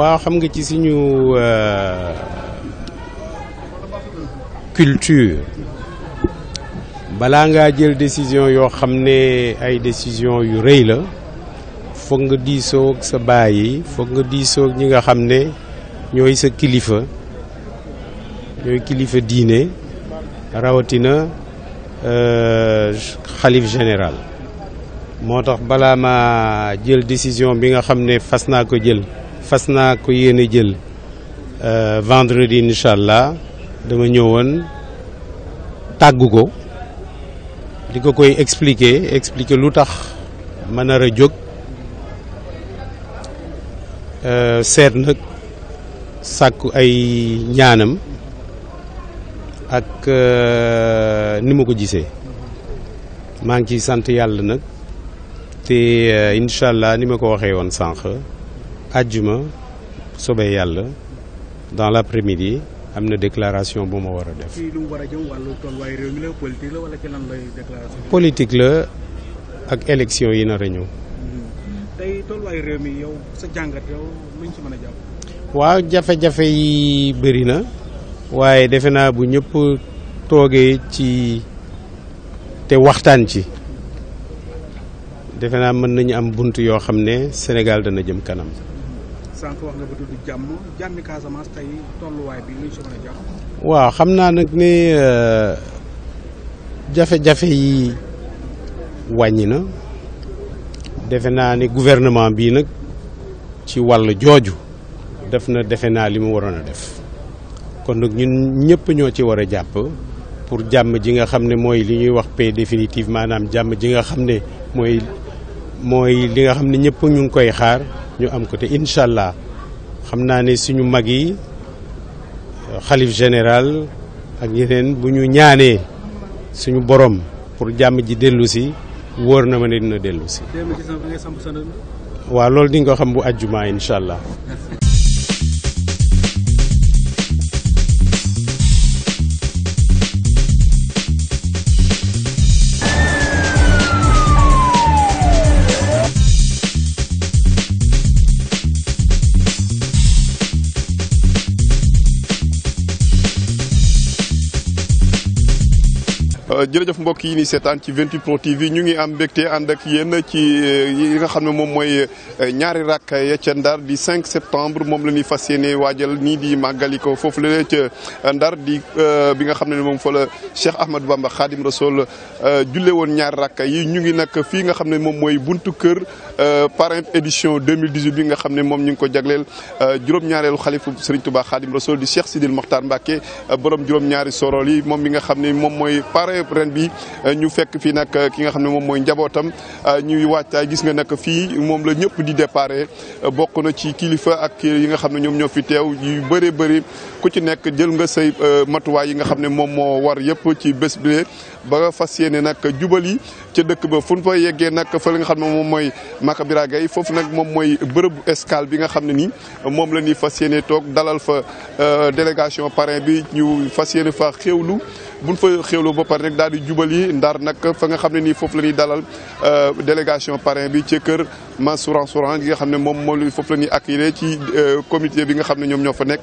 waaw xam nga ci suñu euh, culture balaa ngaa jël décision yoo xam ne ay décision yu rëy la foog nga diisoo sa baay yi foog nga diisoo ñi nga xam ne ñooy sa kilifa ñooy kilifa diine rawatina euh, xalif général moo tax balaa ma jël décision bi nga xam ne fas naa ko jël fas naa ko yéene jël euh, vendredi incha allah dama woon tàggu ko di ko koy expliquer expliquer lu tax ma nar a jóg euh, seet nag sàkku ay ñaanam ak euh, ni ma ko gisee maa ngi ciy sant yàlla nag te incha allah ni ma ko waxee woon sànq. àjjuma sobee yàlla dans l'après-midi am na déclaration bu ma war a def. ci la ak élection yi na a ñëw. Mm-hmm. tey yow sa jàngat waaw jafe-jafe yi bëri na waaye defe naa bu ñëpp toogee ci te waxtaan ci defe naa mën nañu am bunt yoo xam ne Sénégal dana jëm kanam. sànq jàmm jàmmi Casamance waaw xam naa nag ne euh, jafe-jafe yi wàññi na defe naa ni gouvernement bii nag ci wàll jooju def na defe naa li mu waroon a def kon nag ñun ñëpp ñoo ci war a jàpp pour jàmm ji nga xam ne mooy li ñuy wax paix définitive maanaam jàmm ji nga xam ne mooy mooy li nga xam ne ñëpp ñu ngi koy xaar. ñu am ko te incha allah xam naa ni suñu mag yi xalif général ak ñeneen bu ñu ñaanee suñu borom pour jàmm ji dellu si wóor na ma ne dina dellu si. waaw loolu di ko xam bu àjjuma incha allah. jërëjëf mbokk yi ni seetaan ci 28 Pro TV ñu ngi am mbégte ànd ak yéen ci eh, yi nga xam ne moom mooy eh, ñaari rakk ya ca Ndar di 5 septembre moom la ñuy fas yéene waajal nii di màggali ko foofu la ca eh, Ndar di bi nga xam ne moom fa la Cheikh Ahmadou Bamba Khadim Rasoul julle woon ñaari rakk yi ñu ngi nag fii nga xam ne moom mooy buntu kër parrain édition 2018 bi nga xam ne moom ñu ngi ko jagleel juróom-ñaareelu xalifu Serigne tubaa Khadim Rasoul di seex Sidil Mokhtar Mbacké borom juróom-ñaari sorol moom mi nga xam ne moom mooy parrain yëpp ren bi euh, ñu fekk fii nag euh, ki nga xam ne moom mooy njabootam euh, ñuy wàccaay gis nga nag fii moom la ñëpp di déparé bokk na ci kilifa ak yi nga xam ne ñoom ñoo fi teew yu bëree bëri ku ci nekk jël nga say matuwaay yi nga xam ne moom moo war yëpp ci bés bi ba fas yéene nag jubal yi ca dëkk ba fu ñu fa yeggee nag fa li nga xam ne moom mooy Makabira Gaye foofu nag moom mooy bërëb escale bi nga xam ne nii moom la ñuy fas yéene toog dalal fa délégation parrain bi ñu fas yéene fa xéewlu bu buñ fa xéwloo ba pare rek daal di jubal yi ndar nag fa nga xam ne nii foofu la ñuy dalal euh, délégation parrain bi ci kër Massouran Souran gi nga xam ne moom moom foofu la ñuy accueillir ci euh, comité bi nga xam ne ñoom ñoo fa nekk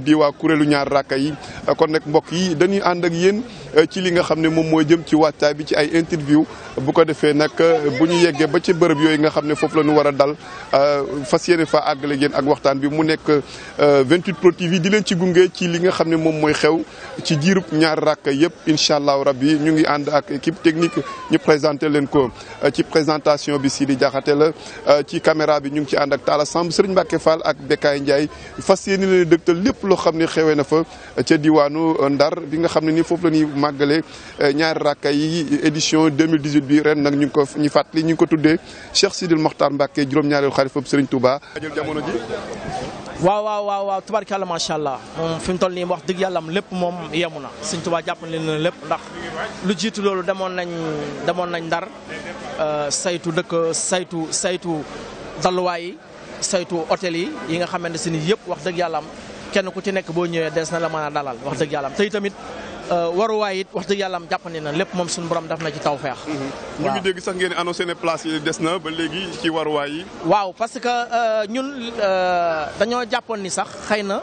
di waa kuréelu ñaar rakka yi kon nag mbokk yi dañuy ànd ak yéen ci li nga xam ne moom mooy jëm ci waajtaay bi ci ay interview bu ko defee nag euh, bu ñu yeggee ba ci bërëb yooyu nga xam ne foofu la ñu war a dal euh, fas yéene fa àggale ngeen ak waxtaan bi mu nekk euh, vingt Pro TV di leen ci gunge ci li nga xam ne moom mooy xew ci jiirub ñaar rakk yëpp incha allahu rabbi ñu ngi ànd ak équipe technique ñu présenté leen ko ci présentation bi sii di jaxatee la ci caméra bi ñu ngi ci ànd ak Talla Samb Serigne Mbacke Fall ak Bekaay Ndiaye fas yéene leen dëgtal lépp loo xam ne xewee na fa ca diwaanu Ndar bi nga xam ne ni foofu la màggale euh, ñaari rakka yi édition 2018 bi ren nag ñu ngi ko ñu fàttali ñu ngi ko tuddee Cheikh Sidil Mokhtar Mbacke juróom-ñaareelu xalifa Serigne Touba. jamono ji. waaw waaw waaw waaw tubarkàlla macha allah moom fi mu toll nii wax dëgg yàlla am lépp moom yemu na Sëñ Tuubaa jàpp leen lépp ndax lu jiitu loolu demoon nañ demoon nañ ndar euh, saytu dëkk saytu saytu dalluwaay yi saytu hôtel yi yi nga xamante ne yëpp wax dëgg yàlla am kenn ku ci nekk boo ñëwee des na la wax dëgg yàlla am Euh, waruwaay it wax dëgg yàlla am jàppandi na lépp moom suñ borom daf na ci taw feex ñu mhm. ngi dégg sax ngeen annoncé ne place yi des na ba léegi ci waruwaay yi. waaw parce que euh, ñun euh, dañoo jàppoon ni sax xëy na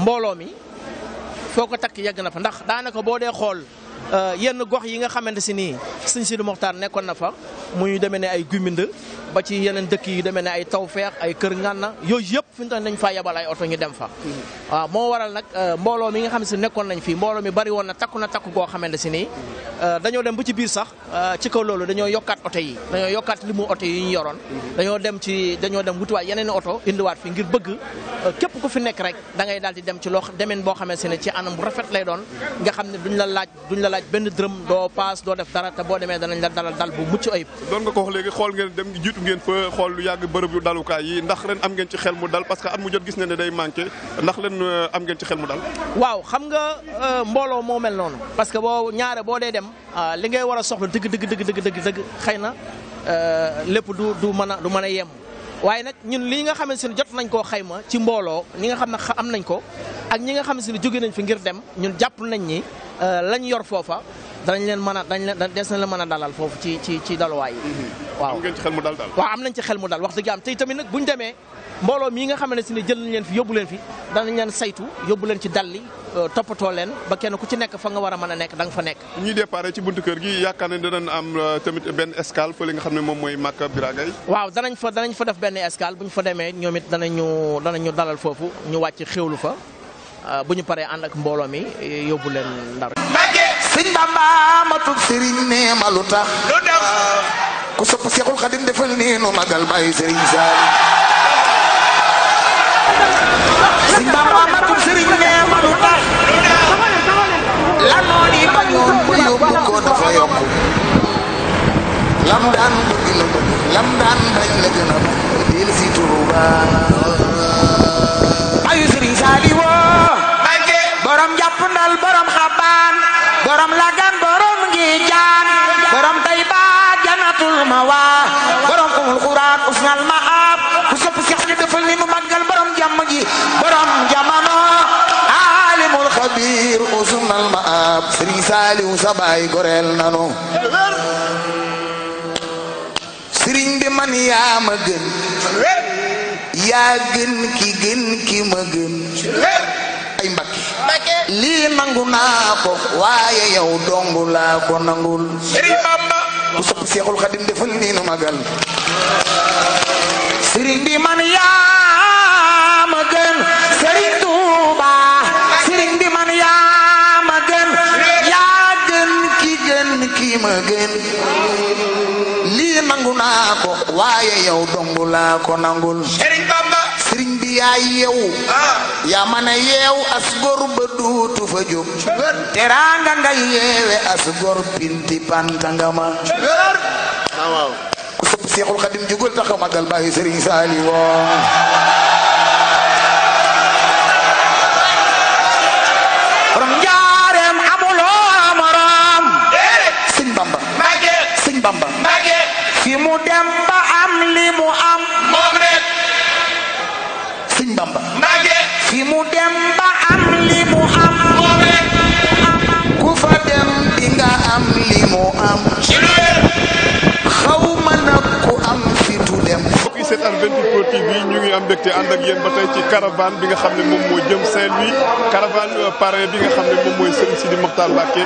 mbooloo mi foo ko takk yegg na fa ndax daanaka boo dee xool yenn gox yi nga xamante si nii Sëñ Sidi Moxtaar nekkoon na fa muy demee ne ay Guimbind. ba ci yeneen dëkk yi demee ne ay tawfeex ay kër na yooyu yëpp fi mu toll dañ faa oto ñu dem fa waaw moo waral nag euh, mbooloo mi nga xam ne si nekkoon nañ fii mbooloo mi bari woon na takku na takku goo xamante si nii euh, dañoo dem ba ci biir sax euh, ci kaw loolu dañoo yokkaat oto yi dañoo yokkaat li limu oto yi ñu yoroon dañoo dem ci dañoo dem wutuwaat yeneen oto indiwaat fi ngir bëgg képp ku fi nekk rek da ngay daal di dem ci loo demeen boo xamante ne ci anam bu rafet lay doon nga xam ne duñ la laaj duñ la laaj benn dërëm doo paas doo def dara boo demee danañ la dalal dal bu mucc saytu ngeen xool lu yàgg bërëb dalukaay yi ndax ren am ngeen ci xel mu dal parce que at mu jot gis ne ne day manqué ndax ren euh, am ngeen ci xel mu dal waaw xam nga euh, mbooloo moo mel noonu parce que boo ñaare boo dee dem euh, li ngay war a soxla dëgg dëgg dëgg dëgg dëgg xëy na lépp du du mën a mën a yem waaye nag ñun li nga xamante ne jot nañ koo xayma ci mbooloo ñi nga xam ne am nañ ko ak ñi nga xamante ne jóge nañ fi ngir dem ñun jàpp nañ ni lañ yor foofa danañ leen mën a dañ leen des na la mën a dalal foofu ci ci ci daluwaay mhm. waaw am ngeen ci xel am nañ ci xel mu dal wax dëgg am tey tamit nag bu ñu demee mbooloo mii nga xam ne si ne jël nañ leen fi yóbbu leen fi danañ leen saytu yóbbu leen ci dalli euh, toppatoo leen ba kenn ku ci nekk fa nga war a mën a nekk da nga fa nekk. ñuy déparé ci buntu kër gi yaakaar ne danañ am euh, tamit benn escale fële nga xam ne moom mooy Màkka Biragay. waaw danañ fa danañ fa def benn escale bu ñu fa demee ñoom it danañu danañu dalal foofu ñu wàcc xéwlu fa euh, bu ñu paree ànd ak mbooloo mi yóbbu leen ndar sëñ Bamba matub sëriñ nee ma lu ku sopp Seexul Xadim defal nii nu magal bàyyi sëriñ Saali sëñ Bamba matub sëriñ nee ma lu tax lanoo ni dafa yokk lam daan bëgg la lam daan bañ la gën a bañ xusnal maab ku sopp Seex ñu defal man yaa ma gën yaa gën ki gën ki ma gën ay mbakki lii nangu naa ko waaye yow dongu laa ko nangul ku sopp Seexul Xadim sëriñ bi man yaa ma gën Tuuba sëriñ bi man yaa ma yaa gën ki gën ki ma lii nangu naa ko waaye yow dongu laa ko nangul sëriñ Bamba sëriñ bi yaa yeew yaa mën a yeew as gor ba duutu fa jóg teraanga nga yeewe as gor pinti panta nga ma seexul xadim jugal taxa magal bàyyi sëriñ Saali woo seetaan 28 Pro TV ñu ngi am mbégte ànd ak yéen ba tey ci caravane bi nga xam ne moom moo jëm Saint-Louis caravane euh, parrain bi nga xam ne moom mooy Serigne Sidi Mokhtar Mbacké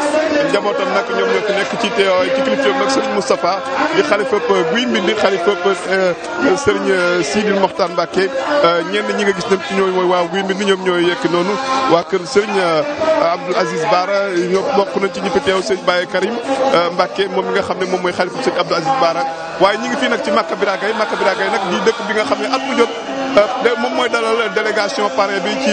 njabootam nag ñoom nekk fi nekk ci teewaay ci kilifteef nag Serigne Moustapha di xalifa Guy Mbind xalifa euh, Serigne euh, Sidi Mokhtar Mbacké ñenn ñi nga gis nag ñooy waaw waa Guy Mbind ñoom ñooy yekk noonu waa kër Serigne Abdoul Aziz Bara ñoo bokk nañ ci ñi fi teew Serigne Baye Karim Mbacké moom mi nga xam ne moom mooy xalifa Serigne Abdoul Aziz Bara waaye ñi ngi fii nag ci Maka Bira Gaye Maka Bira Gaye di dëkk bi nga xam ne at mu euh, moom mooy dalal délégation pare bi ci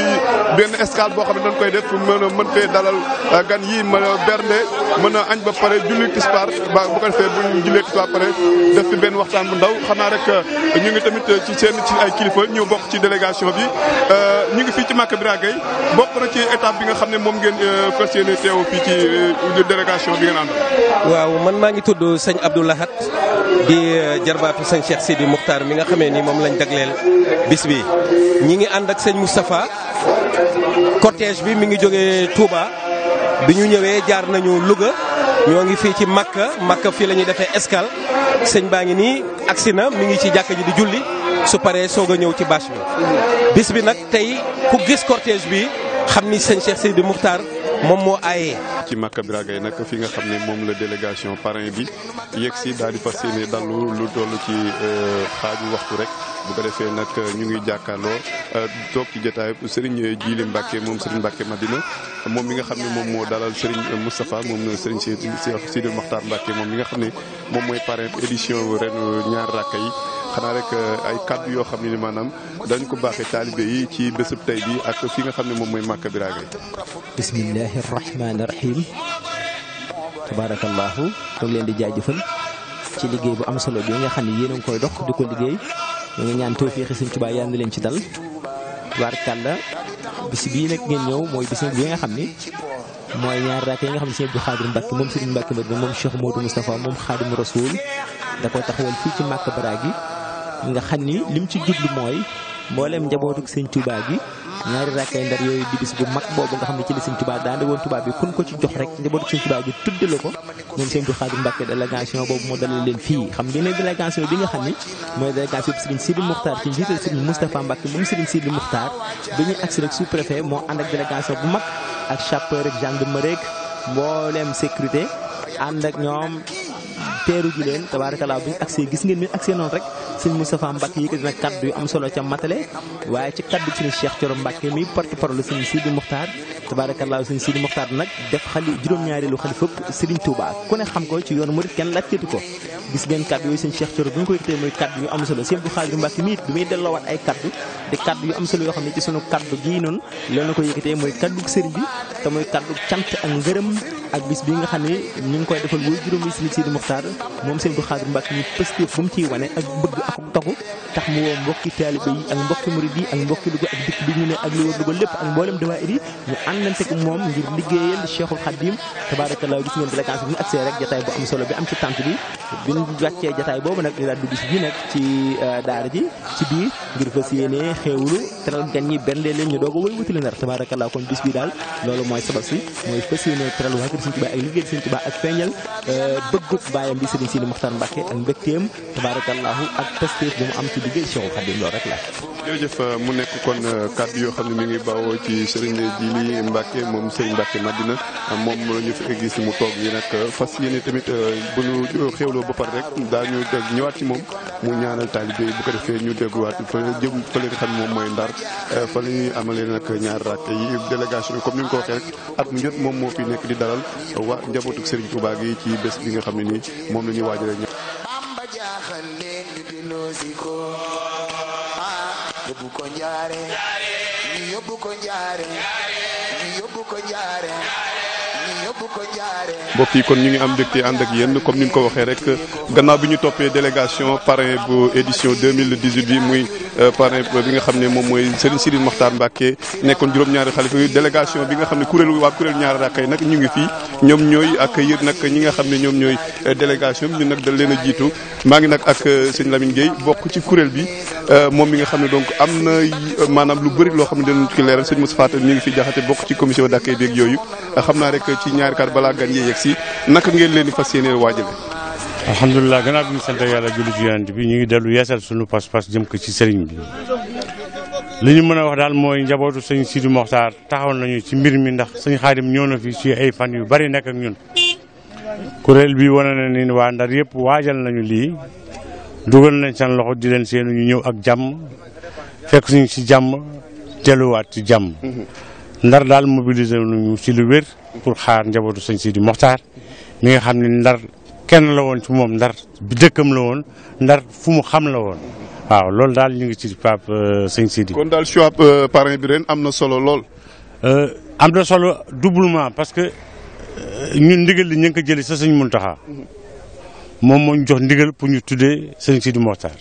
benn escale boo xam ne dañ koy def mën mën fee dalal euh, gan yi mën a bernde mën a añ ba pare julli tisbaar ba bu ko defee bu ñu jullee tisbaar pare def fi benn waxtaan bu ndaw xanaa rek euh, ñu ngi tamit ci seen ci ay kilifa ñu bokk ci délégation bi ñu ngi fii ci Maka bi Gueye bokk na ci étape bi nga xam ne moom ngeen fas yéene teew fii ci délégation bi ngeen ànd waaw man maa ngi tudd sëñ Abdou Lahat di eh, jarbaatu sëñ Cheikh Sidi Muxtaar mi nga xamee ni moom lañ jagleel bis bi ñi ngi ànd ak señ mustafa cortège bi mi ngi jógee Touba bi ñu ñëwee jaar nañu Louga ñoo ngi fii ci Makka Makka fii la ñuy defee escale sëñ baa ngi nii agsi na mu ngi ci jàkka ji di julli su paree soog a ñëw ci bâche bi bis bi nag tey ku gis cortège bi xam ni sëñ Cheikh Seydou Moukhtar moom moo aaye. ci Makka Biraga yi nag fi nga xam ne moom la délégation parrain bi yegg si daal di fas yéene dallu lu toll ci euh, xaaju waxtu rek bu ko defee nag ñu ngi jàkkaarloo euh, toog ci jotaay Serigne Djili Mbacke moom Serigne mbakke Madina moom mi nga xam ne moom moo dalal Serigne Moustapha moom Serigne Seydou Seydou Moukhtar Mbacke moom mi nga xam ne moom mooy parrain édition ren ñaar rakka yi. xanaa rek euh, ay kàddu yoo xam ne ni maanaam dañ ko baaxee taalibe yi ci bésub tey bi ak fi nga xam ne moom mooy Màkka Biraage bismillahi rahmaani rahim tabaarakallaahu toog leen di jaajëfal ci liggéey bu am solo bi nga xam ne yéen a ngi koy dox di ko liggéey ñu ngi ñaan tawfeexi Sëñ Tuubaa yal na leen ci dal tabaarakalla bisi bii nag ngeen ñëw mooy bis bi nga xam ni mooy ñaar raak yi nga xam ne Sëñ Abdou Xaadir Mbàkke moom Sëriñ Mbàkke Madina moom Cheikh Modou Moustapha moom Xaadimu Rasuul da ko taxawal fii ci Màkka Baraagi nga xam ni lim ci jublu mooy mbooleem njabootuk sëñ Tuubaa gi ñaari rakkay ndar yooyu di bis bu mag boobu nga xam ne ci la sëñ Tuubaa daande woon bi kun ko ci jox rek njabootuk sëñ Tuubaa gi tudde la ko ñoom sëñ Abdou Khadim Mbacke délégation boobu bi nga xam ni mooy délégation bi Serigne Sidi Moukhtar ci njiital Serigne Moustapha Mbacke moom Serigne Sidi Moukhtar bi ñuy agsi rek sous préfet moo ànd ak délégation bu mag ak chapeur ak gendarmerie ak mbooleem teeru ji leen tabaarakallaa bu ñu agsee gis ngeen min agsee noonu rek sëñ Moustapha Mbacke yëkkati na kaddu yu am solo ca matale waaye ci kaddu sëñ Cheikh Thioro Mbacke mi porte parole sëñ Sidi Mokhtar tabaarakallaa sëñ Sidi Mokhtar nag def xali juróom-ñaareelu xalifa Serigne Touba ku ne xam ko ci yoonu murid kenn laaj ko gis ngeen kaddu yooyu sëñ Cheikh Thioro bu ñu ko yëkkatee mooy kaddu yu am solo sëñ Abdou Khadir Mbacke mi it bi muy delloowaat ay kaddu di kaddu yu am solo yoo xam ne ci sunu kaddu gii noonu loolu na ko yëkkatee mooy kaddu sëriñ bi te mooy kaddu cant ak ngërëm ak bis bi nga xam ne ñu ngi koy defal woy juróom yi sëriñ Sidi Muxtaar moom sëriñ bu Xaadir Mbàkke ñu pëstéef bu mu mu woo mbokki taalibe yi ak mbokki murid yi ak mbokki bi ñu ne ak li wër Louga lépp ak mboolem dawaayir yi ñu àndante ak moom ngir liggéeyal Cheikhul Khadim tabaarakallaa gis ngeen délégation bi ñu agsee rek jataay bu am solo bi am ci tànt bi bi ñu wàccee jataay xéewlu teral gan ñi bernde leen ñu doog a wëy wuti leen tabaarakallaa kon bis bi daal loolu mooy sabab si mooy fas yéene teral waa kër Sëriñ Tuubaa ak liggéey Sëriñ Tuubaa ak feeñal euh, bëggub baayam bi Sëriñ mu am ci liggéey Seexu Xaadim euh, mu nekk kon euh, kàddu yoo xam ne mi ngi bawoo ci Sëriñ Jili Mbàkke moom Sëriñ Mbàkke Madina moom ñu fi gis mu toog yi nag fas yéene tamit bu ñu xéewloo ñëwaat ci moom mu ñaanal taalibe bu defee ñu dégguwaat fële jëm fële ren moom mooy ndar eh, fa la ñuy amalee nag ñaar rakk yi délégation comme ni nga ko waxee rek at mu moom moo fi nekk di dalal waa njabootu Serigne Touba gi ci bés bi nga xam ne nii moom la ñuy waajalee ñoom. Ah, yóbbu ko ñu yóbbu ko njaare ko njaare mbokk kon ñu ngi am mbégte ànd ak yenn comme ni ñu ko waxee rek gannaaw bi ñu toppee délégation parrain bu édition 2018 bi muy euh, parrain bi nga xam ne moom mooy Serigne Sidine Mokhtar Mbacké nekkoon juróom-ñaari xalifa yi délégation bi nga xam ne kuréelu waa kuréelu ñaari rakkay nag ñu ngi fii ñoom ñooy accueillir nag ñi nga xam ne ñoom ñooy euh, délégation bi ñun nag dañ leen a jiitu maa ngi nag ak euh, sëñ Lamine Gueye bokk ci kuréel bi moom mi nga xam ne donc am na maanaam lu bëri loo xam ne dinañ ko leeral sëñ Moussa Fatou mi ñaari kaat balaa gan yi yegg si naka ngeen leen di fas waajale alhamdulilah gannaaw bi ñu sant yàlla julli ci yonent bi ñu ngi dellu yeesal suñu pas jëm ko ci sëriñ bi li ñu mën a wax daal mooy njabootu sëñ Sidi Moxtaar taxaw nañu ci mbir mi ndax sëñ Xaadim ñëw na fi si ay fan yu bari nekk ak ñun kuréel bi wane na ni waa Ndar yëpp waajal nañu lii dugal nañ seen loxo di leen seenu ñu ñëw ak jàmm fekk suñu ci jàmm delluwaat ci jàmm mm-hmm. ndar daal mobiliser pour xaar njabootu sëñ Sidi Moxtaar mi nga xam ne ndar kenn la woon ci moom ndar bi dëkkam la woon ndar fu mu xam la woon waaw loolu daal ñu ngi ci Pape euh, sëñ Sidi. kon daal choix euh, parrain bi ren am na solo lool. Euh, am na solo doublement parce que ñun ndigal li ñu ngi ko jëlee sa sëñ Muntaxa mhm. moom moo ñu jox ndigal pour ñu tuddee sëñ Sidi Moxtaar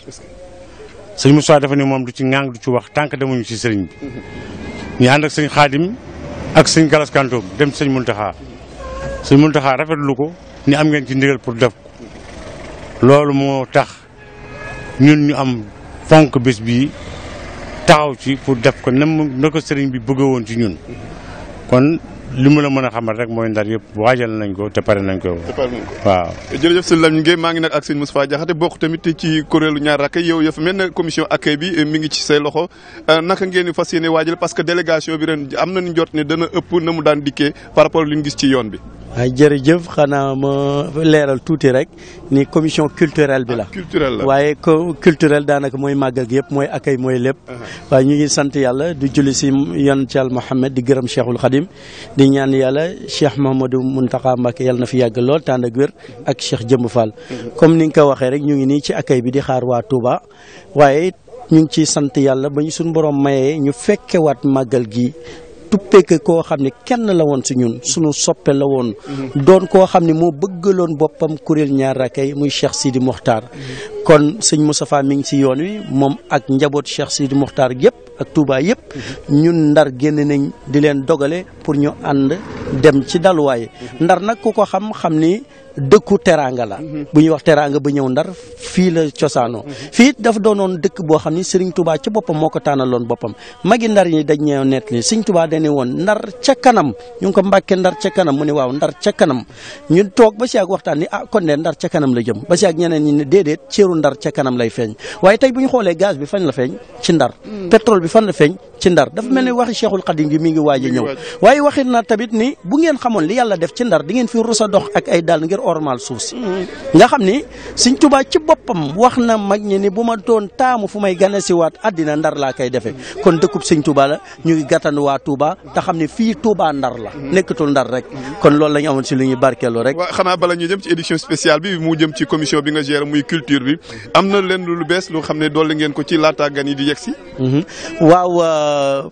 sëñ Moussa dafa ne moom du ci ŋang du ci wax tant que demuñu ci sëriñ bi mhm. ñu ànd sëñ Xaadim ak sëñ Galas Kantoum dem sëñ Muntaxa sëñ Muntaxa rafetlu ko ni am ngeen ci ndigal pour def ko loolu moo tax ñun ñu am fonk bis bii taxaw ci pour def ko na na sëriñ bi bëgg woon ci ñun kon li mu la mën a xamal rek mooy ndar yëpp waajal nañ ko te pare nañ ko. te pare nañ ko waaw. jërëjëf sëñ maa ngi nag ak sëñ Moustapha Diakhaté bokk tamit ci kuréelu ñaar rakk yow ya fa mel ne commission accueil bi eh, mi ngi ci say loxo eh, naka ngeen di fas yéene waajal parce que délégation bi ren am na ñu jot ne dana ëpp na mu daan dikkee par rapport li ñu gis ci yoon bi. waaw jërëjëf xanaa ma leeral tuuti rek ni commission culturelle bi ah, la. culturelle la waaye co daanaka mooy màggal gi yëpp mooy accueil mooy lépp. Uh-huh. waaye ñu ngi sant yàlla du julli si yon ci al di gërëm Cheikhul Khadim di ñaan yàlla Cheikh Mouhamadou Mountakha Mbacké yàlla na fi yàgg lool tànd ak wér ak Cheikh Jëmb Fall. Uh-huh. comme ni nga ko waxee rek ñu ngi nii ci accueil bi di xaar waa Touba waaye ñu ngi ciy sant yàlla ba ñu suñu borom mayee ñu fekkewaat màggal gi. tuppee ko koo xam ne kenn la woon si ñun suñu soppe la woon mm-hmm. doon koo xam ne moo bëggaloon boppam kuréel ñaar rakkay muy Cheikh Sidi Mokhtar mm-hmm. kon sëñ Moustapha mi ngi si yoon wi moom ak njaboot Cheikh Sidi Mokhtar yëpp ak Touba yëpp mm-hmm. ñun ndar génn nañ di leen dogale pour ñu ànd dem ci daluwaay ndar nag ku ko xam xam ni dëkku teraanga la mhm. bu ñuy wax teraanga ba ndar fii la cosaanoo mhm. fii dafa doonoon dëkk boo xam ni Serigne Touba ci boppam moo ko tànnaloon boppam magi ndar yi dañ ñëw nett ni Serigne Touba dañ ne woon ndar ca kanam mu ne waaw ndar ca kanam ñu toog ba a ak waxtaan ni ah kon de ndar ca kanam la jëm ba a ak ñeneen ñi ne déedéet ceeru ndar ca kanam lay feeñ waaye tey bu ñu xoolee bi fan la feeñ ci ndar mm. pétrole bi fan la feeñ ci ndar dafa mel ni mm. waxi Cheikhul Khadim bi mi ngi waaj a ñëw waaye waxit na tamit ni bu ngeen xamoon li ormal suuf si nga xam ni Sëñ Tuubaa ci boppam wax na mag ñi ni bu ma doon taamu fu may gane si waat àddina ndar laa koy defee kon dëkkub Sëñ Tuubaa la ñu ngi gàttandu waa Tuubaa te xam ni fii Tuubaa ndar la nekkatul ndar rek kon loolu la ñu amoon si lu ñuy barkeelu rek waaw xanaa bala ñu jëm ci édition spéciale bi mu jëm ci commission bi nga géré muy culture bi am na leen lu bees lu xam ne dolli ngeen ko ci laataa gan yi di mhm. waaw euh,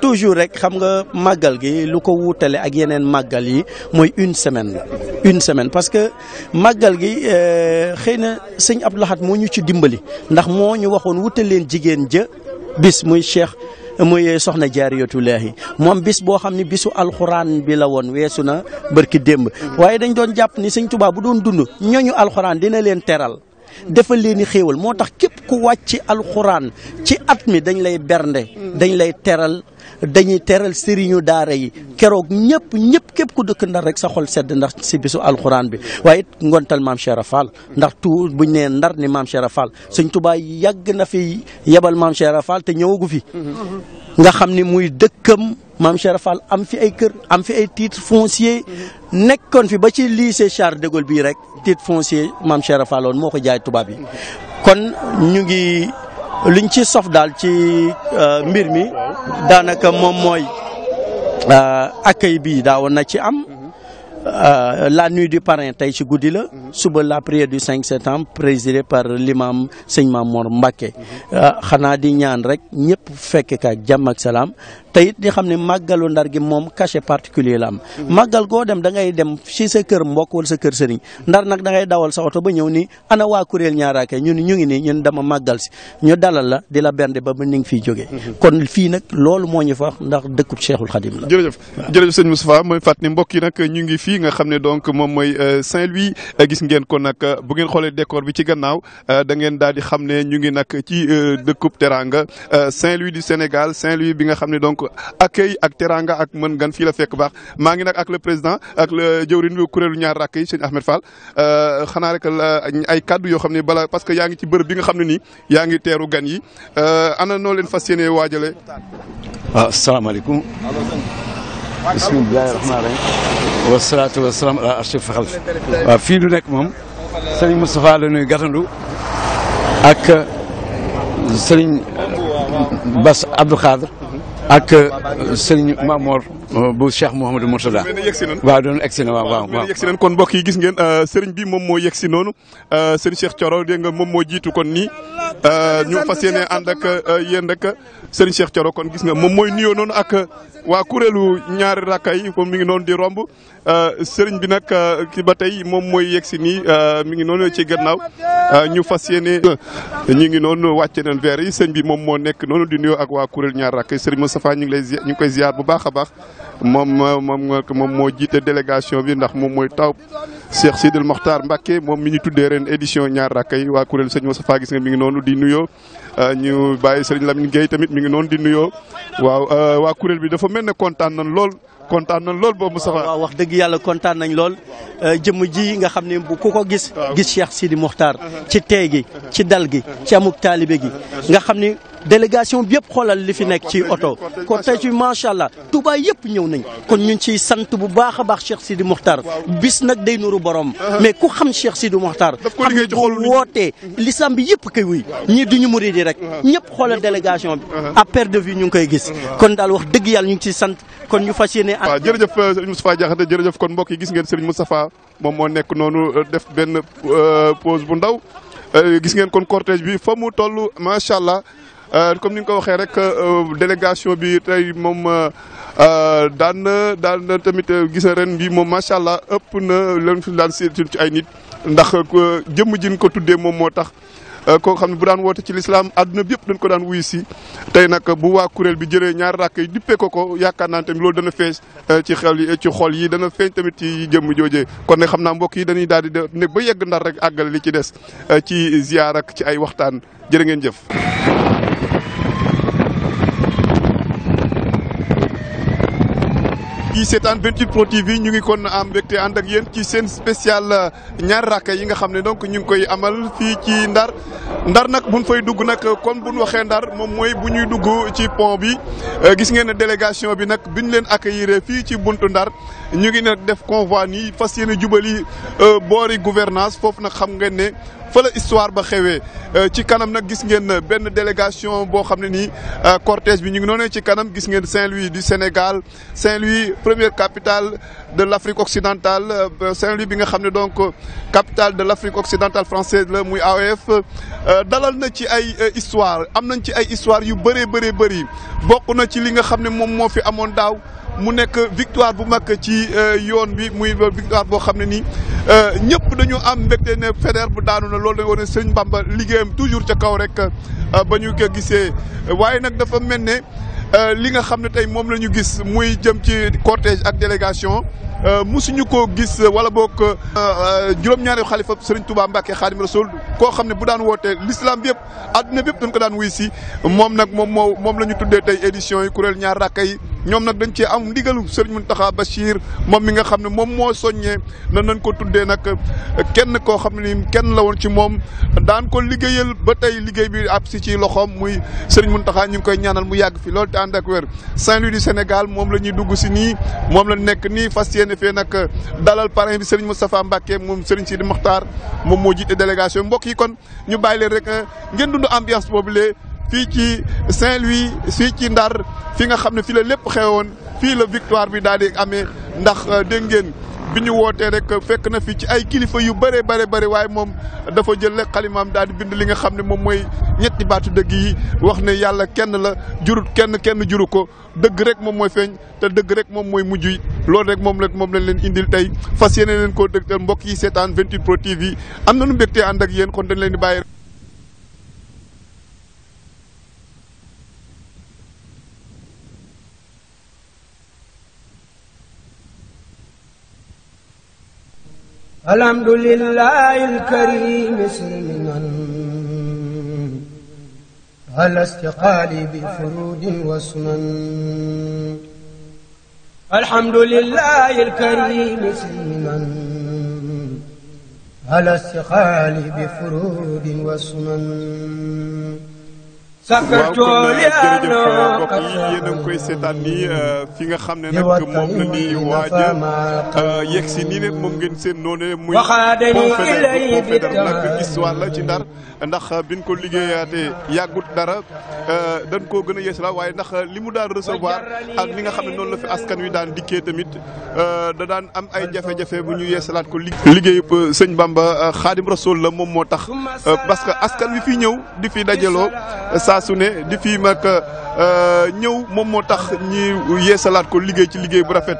toujours rek xam nga màggal gi lu ko wuutale ak yeneen màggal yi mooy une semaine la une semaine parce que que màggal gi euh, xëy na sëñ ab Lahad moo ñu ci dimbali ndax moo ñu waxoon wutal leen jigéen ja bis muy cheikh muy soxna jaariyatullaahi moom bis boo xam ne bisu alxuraan bi la woon weesu na bërki démb waaye dañ doon jàpp ni sëñ tubaab bu doon dund ñooñu alxuraan dina leen teral defal leen i xéewal moo tax képp ku wàcc alxuraan ci at mi dañ lay bernde dañ lay teral dañuy teral sëriñu daara yi keroog ñëpp ñëpp képp ku dëkk ndar rek sa xol sedd ndax si bisu alxuraan bi waaye it ngontal maam Cheikh Fall ndax tu buñ nee ndar ni maam Cheikh Fall suñ Tuubaa yàgg na fi yebal maam Cheikh Fall te ñëwagu fi nga xam ni muy dëkkam maam Cheikh Fall am fi ay kër am fi ay titre foncier nekkoon fi ba ci lycée Charles de Gaulle rek titre foncier maam Cheikh Fall woon moo ko jaay tubaab yi kon ñu ngi liñ ci sof daal ci euh, mbir mi daanaka moom mooy euh, accueil bi daawoon na ci am Euh, la nuit du parrain tey ci guddi la mhm. suba la prière du 5 septembre présidée par l'imam sëñ Mamour Mbacké mhm. euh, xanaa di ñaan rek ñëpp fekk ka jàmm ak salaam te di xam ne màggalu ndar gi moom cachet particulier la am maggal mhm. goo dem da ngay dem ci sa kër mbokk wala sa kër sëriñ ndar nag da ngay dawal sa oto ba ñëw ni ana waa kuréel ñaaraake ñun ñu ngi nii ñun dama màggal si ñu dalal la di la bernde ba ba ni ngi fiy jógee kon fii nag loolu moo ñu ndax dëkkub Cheikhul Khadim la fii nga xam ne donc moom mooy euh, Saint-Louis euh, gis ngeen ko nag euh, bu ngeen xoolee décor bi ci gannaaw da ngeen daal di xam ne ñu ngi nag ci dëkkub teranga Saint-Louis du Sénégal Saint-Louis bi nga xam ne donc accueil ak teranga ak mën gan fii la fekk baax maa ngi nag ak le président ak le jëwriñ bi kuréelu ñaar rakk yi sëñ Ahmed Fall xanaa rek ay kaddu yoo xam ne bala parce que yaa ngi ci bërëb bi nga xam ne nii yaa ngi teeru gan yi ana noo leen fas yéenee waajale. waaw ah, salaamaaleykum. bismillahi rahmaani rahim wasalaatu wasalaam ala arshif xalf waaw fii du nekk moom sëriñ Moustapha la nuy gàttandu ak sëriñ Bass Abdou Khadre ak euh, sëñ Mamor euh, bu Cheikh Mouhamadou Mourtada waaw doon yegsi na waaw waaw waaw yegsi nañ kon mbokk yi gis ngeen euh, sëriñ bi moom moo yegsi noonu sëñ Cheikh Thioro dégg nga moom moo jiitu kon nii ñu fas yéene ànd ak yéen rek sëriñ Cheikh Thioro kon gis nga moom mooy nuyoo noonu ak waa kuréelu ñaari rakka yi moom mi ngi noonu di romb Euh, sëriñ bi nag euh, ki ba tey moom mooy yegg si nii euh, mi ngi noonu ci gannaaw ñu fas yéene ñu ngi noonu wàcce nañ verre yi sëñ bi moom moo nekk noonu di nuyoo ak waa kuréel ñaar rakk sëriñ Moustapha ñu ngi lay ñu ngi koy ziar bu baax a baax moom moom moom moo jiite délégation bi ndax moom mooy taw Cheikh Sidil Mokhtar Mbacke moom mi ñu tuddee ren édition ñaar rakka yi waa kuréel sëñ Moustapha gis nga mi ngi noonu di nuyoo euh, ñu bàyyi sëriñ Lamine Gueye tamit mi ngi noonu di nuyoo waaw euh, waa kuréel bi dafa mel ne kontaan nañ lool kontaan nañ lool boobu Moustapha. waaw wax dëgg yàlla kontaan nañ lool Euh, jëmm ji nga xam ne bu ku ko gis gis si di Mokhtar uh-huh. ci tey gi uh-huh. ci dal gi uh-huh. ci amuk taalibe gi nga xam ni délégation bi yëpp xoolal li fi nekk ci oto ko tey ci macha allah Touba yëpp ñëw nañ kon ñu ngi ciy sant bu baax a baax Cheikh si Mokhtar bis nag day nuru borom mais ku xam Cheikh Sidi Mokhtar xam bu wootee lislam bi yëpp koy wuy ñii du ñu muridi rek ñëpp xoolal délégation bi à perte de vue ñu ngi koy gis kon daal wax dëgg yàlla ñu ngi ciy sant kon ñu fas yéene. waaw jërëjëf euh, yi gis ngeen Serigne moom moo nekk noonu euh, def benn euh, pause bu ndaw euh, gis ngeen kon cortège bi fa mu toll macha allah comme ni nga ko waxee rek délégation bi tey moom daan na daan na tamit gis na ren bi moom macha allah ëpp na leen fi daan seetul ci ay nit ndax jëmm jin ko tuddee moom moo tax. Euh, koo xam ne bu daan woote ci lislaam àdduna bi yëpp dañ ko daan wuyu si tey nag bu waa kuréel bi jëree ñaari rakk yi dippee ko ko yaakaar naa tamit loolu dana feeñ euh, ci xel yi ci xol yi dana feeñ tamit ci jëmm joojee kon ne xam naa mbokk yi dañuy daal di ne ba yegg ndar rek àggale li ci des euh, ci ziar ak ci ay waxtaan jërë ngeen jëf yi seetaan 28 Pro TV ñu ngi kon am mbégte ànd ak yéen ci seen spécial euh, ñaar rakka yi nga xam ne donc ñu ngi koy amal fii ci Ndar Ndar nag buñ fay dugg nag kon buñ waxee Ndar moom mooy bu ñuy dugg ci pont bi euh, gis ngeen ne délégation bi nag bi ñu leen accueillir fii ci buntu Ndar ñu ngi ne def convoi nii fas yéene jubali euh, boori gouvernance foofu nag xam ngeen ne fa la histoire ba xewee euh, ci kanam na gis ngeen euh, benn délégation boo xam ne nii euh, cortège bi ñu ngi noonee ci kanam gis ngeen Saint-Louis du Sénégal Saint-Louis première capitale de l'Afrique occidentale Saint-Louis bi nga xam ne donc capitale de l'Afrique occidentale française la muy AOF dalal na ci ay histoire am nañ ci ay histoire yu bëree bëree bëri bokk na ci li nga xam ne moom moo fi amoon daaw mu nekk victoire bu mag ci euh, yoon bi muy victoire boo xam ne nii euh, ñëpp dañu am mbégte ne Feder bu daanu na loolu dañu war a sëñ Bamba liggéeyam toujours ca kaw rek euh, ba ñu ko gisee waaye nag dafa mel ne li nga xam ne tey moom la ñu gis muy jëm ci cortège ak délégation. Euh, musuñu koo gis euh, wala boog euh, juróom-ñaari xalifa Serigne Touba Mbacke Xaadim Rasul koo xam ne bu daan wootee l'islam bi yëpp adduna bi yëpp dañ ko daan wuy si moom nag moom moo moom la ñu tuddee tey édition yi kuréel ñaar rakka yi ñoom nag dañ cee am ndigalu Serigne Mountakha Bachir moom mi nga xam ne moom moo soññee nan nañ ko tuddee nag kenn koo xam ne kenn la woon ci moom daan ko liggéeyal ba tey liggéey bi ab si ci loxoom muy Serigne Mountakha ñu ngi koy ñaanal mu yàgg fi loolu te ànd ak wér Saint-Louis du Sénégal moom la ñuy dugg si nii moom la nekk nii fas defee nag euh, dalal parrain bi Serigne Moustapha Mbacke moom Serigne Sidi Mokhtar moom moo jiite délégation mbokk yi kon ñu bàyyi leen rek euh, ngeen dund ambiance boobu lee fii ci Saint-Louis fii ci Ndar fi nga xam ne fii la lépp xewoon fii la victoire bi daal di amee ndax euh, dégg ngeen. bi ñu wootee rek fekk na fi ci ay kilifa yu bëree bëri bëri waaye moom dafa jël rek xalimaam daal di bind li nga xam ne moom mooy ñetti baatu dëgg yi wax ne yàlla kenn la jurut kenn kenn juru ko dëgg rek moom mooy feeñ te dëgg rek moom mooy mujj yi loolu rek moom la moom lañ leen indil tey fas yéene leen koo dëgtal mbokk yi seetaan 28 Pro TV am nañu mbégte ànd ak yéen kon dañ leen di bàyyi. alhamdulillahi alkarim silminan ala istiqaali bi furudin wa sunan alhamdulillahi alkarim silminan ala istiqaali bi furudin wa sunan waaw kon euh, jërëjëf mbokk yi yéen a ngi koy seetaan nii euh, fi nga xam ne nag moom la ñuy waaj a euh, si nii ne moom ngeen seen noonu muy confédère bu confédère nag histoire la ci ndar. ndax biñ ko liggéeyaatee yàggut dara euh, dañ koo gën a yees la waaye ndax li mu daan recevoir ak li nga xam ne noonu la fi askan wi daan dikkee tamit euh, da daan am ay jafe-jafe bu ñu yeesalaat ko liggéeyub sëñ Bamba euh, xaadim rasool la moom moo tax parce que askan wi fi ñëw di fi dajaloo saa su ne di fi mag ñëw moom moo tax ñi yeesalaat ko liggéey ci liggéey bu rafet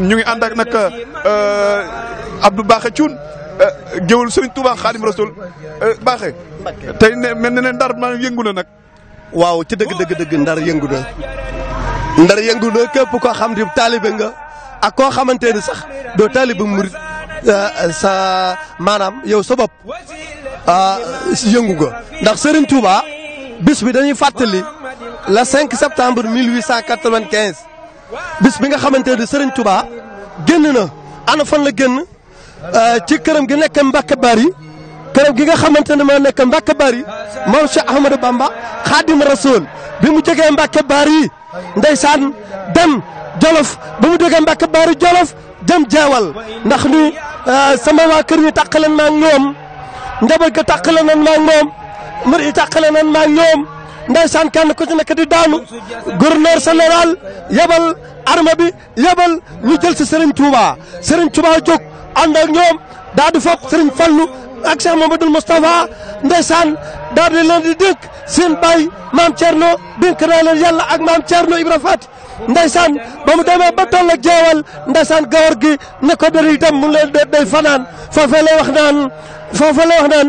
ñu ngi ànd ak nag baax Bakhe Thioune Euh, géwal sëriñ Touba Xaadim Rasul euh, baaxee. tey ne mel na ne ndar maa yëngu na nag. waaw ci dëgg dëgg dëgg ndar yëngu ndar yëngu na képp koo xam ne taalibe nga ak koo xamante ni sax doo taalibe murit euh, sa maanaam yow sa bopp ah, yëngu nga ndax sëriñ Touba bis bi dañuy fàttali la 5 septembre 1895 bis bi nga xamante ni sëriñ Touba génn na ana fan la génn. Euh, ci këram gi nekk Mbacke Bari këram gi nga xamante ne moo nekk Mbacke Bari moom Cheikh Ahmadou Bamba Khadim Rasoul bi mu jógee Mbacke Bari ndeysaan dem Jolof ba mu jógee Mbacke Bari Jolof dem jeewal ndax ni euh, sama waa kër ñi tàqaleen maa ngi ñoom njaboot ga tàqaleen nan maa ngi moom mbir yi tàqaleen nan maa ngi ñoom ndeysaan kenn ci nekk di daanu gouverneur général yebal armée bi yabal ñu jël si sëriñ Touba Serigne Touba jóg ànd ak ñoom daal di fop Serigne Fallou ak Cheikh Mamadou Moustapha ndeysaan daal di leen di dénk seen bàyyi maam Thierno dénk naa leen yàlla ak maam Thierno Ibra Fati ndeysaan ba mu demee ba toll ak jeewal ndeysaan gawar gi ne ko yi tam mu leen day fanaan foofee la wax naan foofee la wax naan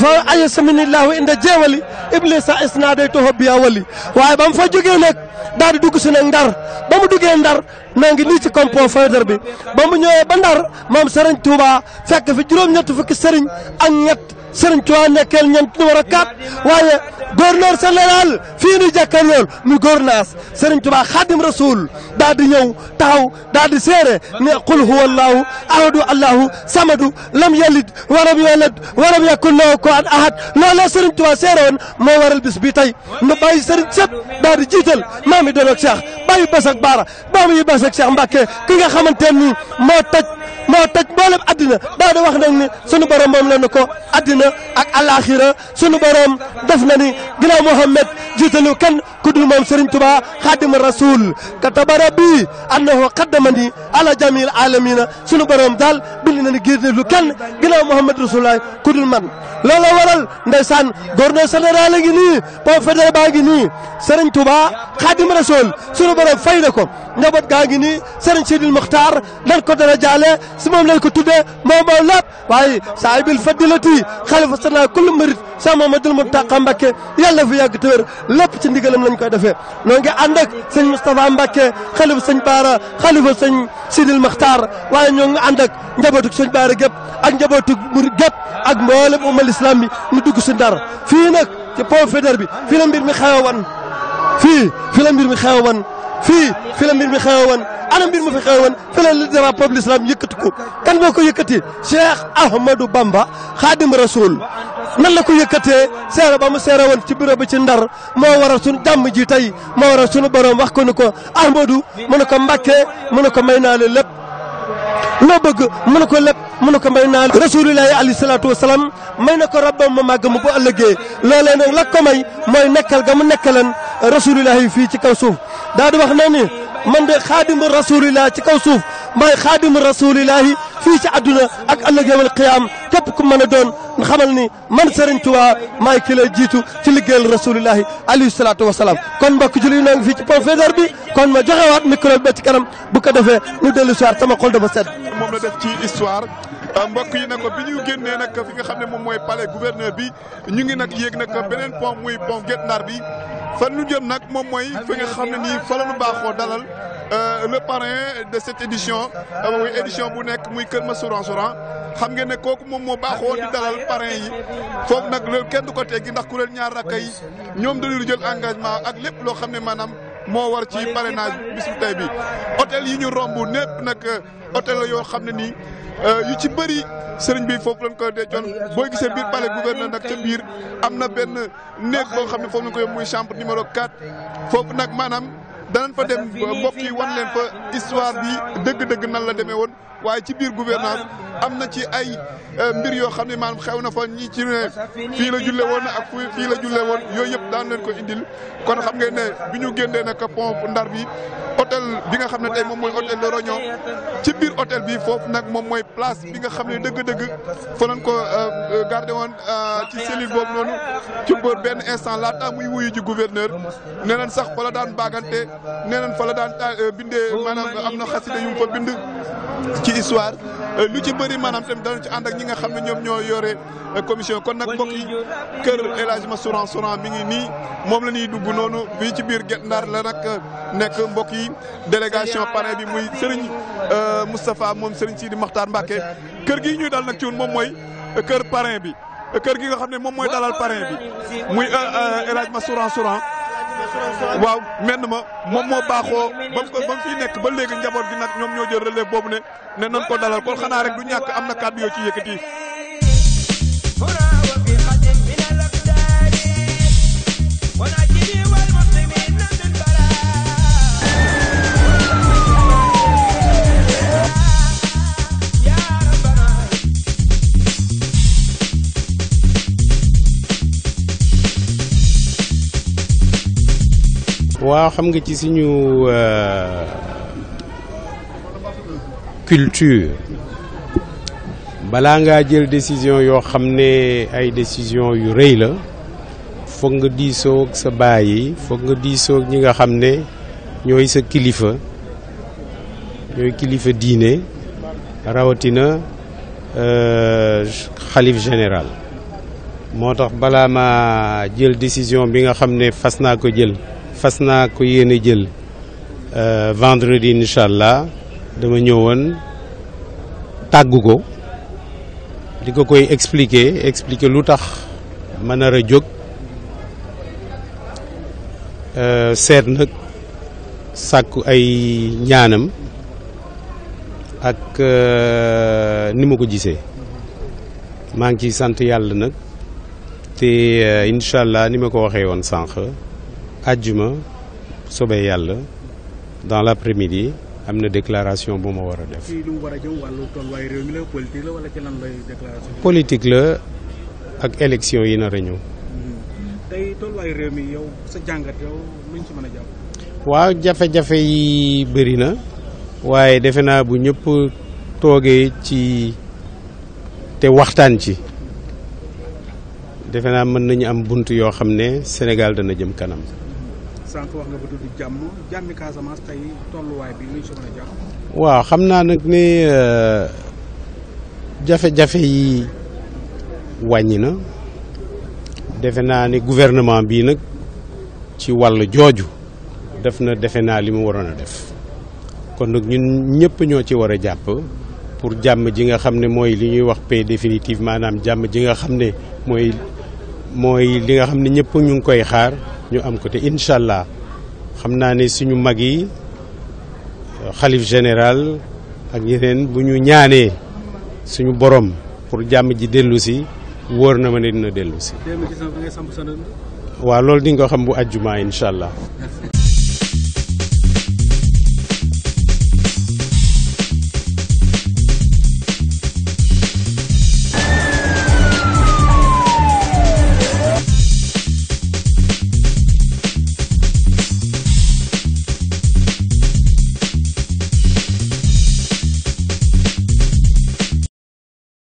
fa aye saminillahu inda jeewali iblisa isnaday toho biya wali waaye ba mu fa jógee nag daal di dugg si nag ndar ba mu duggee ndar noo ngi nii ci compo faydar bi ba mu ñëwee ba ndar moom sëriñ Touba fekk fi juróom-ñett fukki sëriñ ak ñett sëriñ Tuubaa nekkeel ñeent numéro 4 waaye gouverneur général fii nu jàkkaar lool mu gouvernance sëriñ Tuubaa xaadim rasul daa di ñëw taxaw daa di seere ne qul huwa allahu ahadu allahu samadu lam yalid walam yolad walam yakun lahu kufuwan ahad loola sëriñ Tuubaa seere woon moo waral bis bi tey nu bàyyi sëriñ sëpp daa di jiital maam yi donoog Cheikh bàyyi bas ak baara maam yi bas ak Cheikh Mbàkke ki nga xamante ni moo taj moo taj mboolem addina daa di wax nag ni sunu borom moom la nu ko addina àdduna ak alaxira sunu borom def na ni ginnaaw Muhammad jiitalu kenn ku dul moom Serigne Touba Xaadimu Rasuul kataba rabbi annahu qaddamani ala jamil alamina sunu borom daal bind na ni jiitalu kenn ginnaaw Muhammad Rasulullah ku dul man loola waral ndeysaan gouverneur général a ngi nii boo fédéral baa ngi nii Serigne Touba Xaadimu Rasuul sunu borom fay na ko njaboot gaa ngi nii Serigne Sidil Muxtaar dañ ko dara jaale si moom lañ ko moom moom lépp waaye saahibil fadilati xalifa sana kullu murit Cheikh Mamadou Mountakha Mbacké yàlla na fi yàgg te wér lépp ci ndigalam lañ koy defee noo ngi ànd ak sëñ Moustapha Mbacké xalifa sëñ Baara xalifa sëñ Sidil Makhtar waaye ñoo ngi ànd ak njabootu sëñ Baara gépp ak njabootu murit gépp ak mboolem umal islam bi ñu dugg si Ndar fii nag ci pont Faidherbe bi fii mbir mi xewoon fii fii mbir mi xewoon fii fi la mbir mi xewoon ana mbir mu fi xewoon fi la drapeau de l'islam yëkkati ko kan moo ko yëkkati Cheikh Ahmadou Bamba Xaadim Rasul nan la ko yëkkatee seere ba mu seere woon ci bureau bi ci ndar moo waral suñu jàmm ji tey moo waral suñu borom wax ko ni ko Ahmadou mu ne ko Mbàkke mu ko may naa la lépp loo bëgg mu ko lépp mu ne ko may naa rasulillahi alayhi salaatu wasalaam may na ko rabbam ma màgg mu bu ëllëgee loolee nag la ko may mooy nekkal ga mu nekkaleen rasulillahi fii ci kaw suuf daa di wax na ni man de xaadimu rasulillahi ci kaw suuf maay xaadimu rasulillahi fii ci àdduna ak ëllëg yawmal qiyaam képp ku mën a doon xamal ni man Serigne Touba maay ki lay jiitu ci liggéeyal rasulillahi alayhi salaatu wa salaam kon mbokk jullit yi noo ngi fii ci Pont bi kon ma joxe waat bi ba ci kanam bu ko defee ñu dellu soir sama xol dafa sedd moom la def ci mbokk yi nag bi ñu génnee nag fi nga xam ne moom mooy palais gouverneur bi ñu ngi nag yéeg nag beneen pont muy pont Guet Ndar bi fan ñu jëm nag moom mooy fi nga xam ne nii baaxoo dalal euh, le parrain de cette édition euh, muy édition bu nekk muy Kër Masouran Souran xam ngeen ne kooku moom moo baaxoo di dalal parrain yi foofu nag loolu kenn du ko teggi ndax kuréel ñaar rakka yi ñoom dañuy jël engagement ak lépp loo xam ne maanaam moo war ci parrainage bisu tey bi hôtel yi ñu romb népp nag euh, hôtel la yoo xam ne nii Euh, yu ci bëri sëriñ bi foofu lañ koy dencoon boo gisee biir palais gouverneur nag ca biir am na benn néeg boo xam ne foofu lañ ko yóbbu muy chambre numéro 4 foofu nag maanaam danañ fa dem mbokk yi wan leen fa histoire bi dëgg-dëgg nan la demee woon. waaye ci biir gouvernance am na ci ay euh, mbir yoo xam ne maanaam xew na fa ñi ci ne fii la julle woon ak fii la julle woon yooyu yëpp daan leen ko indil kon xam ngeen ne bi ñu génnee nag pont Ndar bi hôtel bi nga xam ne tey moom mooy hôtel de Rognon ci biir hôtel bi foofu nag moom mooy place bi nga xam ne dëgg-dëgg fa lañ ko euh, euh, gardé woon ci cellule boobu noonu ci bër benn instant laata muy wuyu ji gouverneur nee nañ sax fa la daan baagante nee nañ fa la daan bindee maanaam am na xasida yu fa bind histoire euh, lu ci bëri maanaam tamit danañ ci ànd ak ñi nga xam ne ñoom ñoo yore euh, commission kon nag mbokk yi kër El Hadj Massouran Souran mi ngi nii moom la ñuy dugg noonu fii ci biir Guet Ndar la nag euh, nekk mbokk yi délégation parrain bi muy Serigne Moustapha moom Serigne Sidi Makhtar Mbacké kër gii ñuy dal nag ci woon moom mooy kër parrain bi kër gi nga xam ne moom mooy dalal parrain bi muy El ma Massouran Souran waaw menn ma moom moo baaxoo ba mu ko ba mu nekk ba léegi njaboot gi nag ñoom ñoo jël relève boobu ne ne nan ko dalal kon xanaa rek du ñàkk am na kàddu yoo ci yëkkati waaw xam nga ci suñu euh, culture balaa ngaa jël décision yoo xam ne ay décision yu rëy la foog nga diisoo sa baay yi foog nga diisoo ñi nga xam ne ñooy sa kilifa ñooy kilifa diine rawatina euh, xalif général moo tax balaa ma jël décision bi nga xam ne fas naa ko jël fas naa ko yéene jël euh, vendredi incha allah dama woon tàggu ko di ko koy expliquer expliquer lu tax ma nar jóg euh, seet nag sàkku ay ñaanam ak euh, ni ma ko gisee maa ngi ciy sant yàlla nag te incha allah ni ma ko waxee woon sànq. àjjuma sobee yàlla dans l'après-midi am na déclaration bu ma war a def. politique la ak élection yi nar a ñëw. Mm-hmm. tey tolluwaayu jàngat yow luñ waaw jafe-jafe yi bëri na waaye defe naa bu ñëpp toogee ci te waxtaan ci defe naa mën nañu am bunt yoo xam ne Sénégal dana jëm kanam. sànq jàmm jàmmi Casamance tey waaw xam naa nag ne euh, jafe-jafe yi wàññi na defe naa ni gouvernement bii nag ci wàll jooju def na defe naa li mu waroon a def kon nag ñun ñëpp ñoo ci war a jàpp pour jàmm ji nga xam ne mooy li ñuy wax paix définitive maanaam jàmm ji nga xam ne mooy mooy li nga xam ne ñëpp ñu ngi koy xaar. ñu am ko te incha allah xam naa ni suñu mag yi xalif général ak yeneen bu ñu ñaanee suñu borom pour jàmm ji dellu si wóor na ma ne dina dellusi si. waaw loolu di ko xam bu àjjuma incha allah.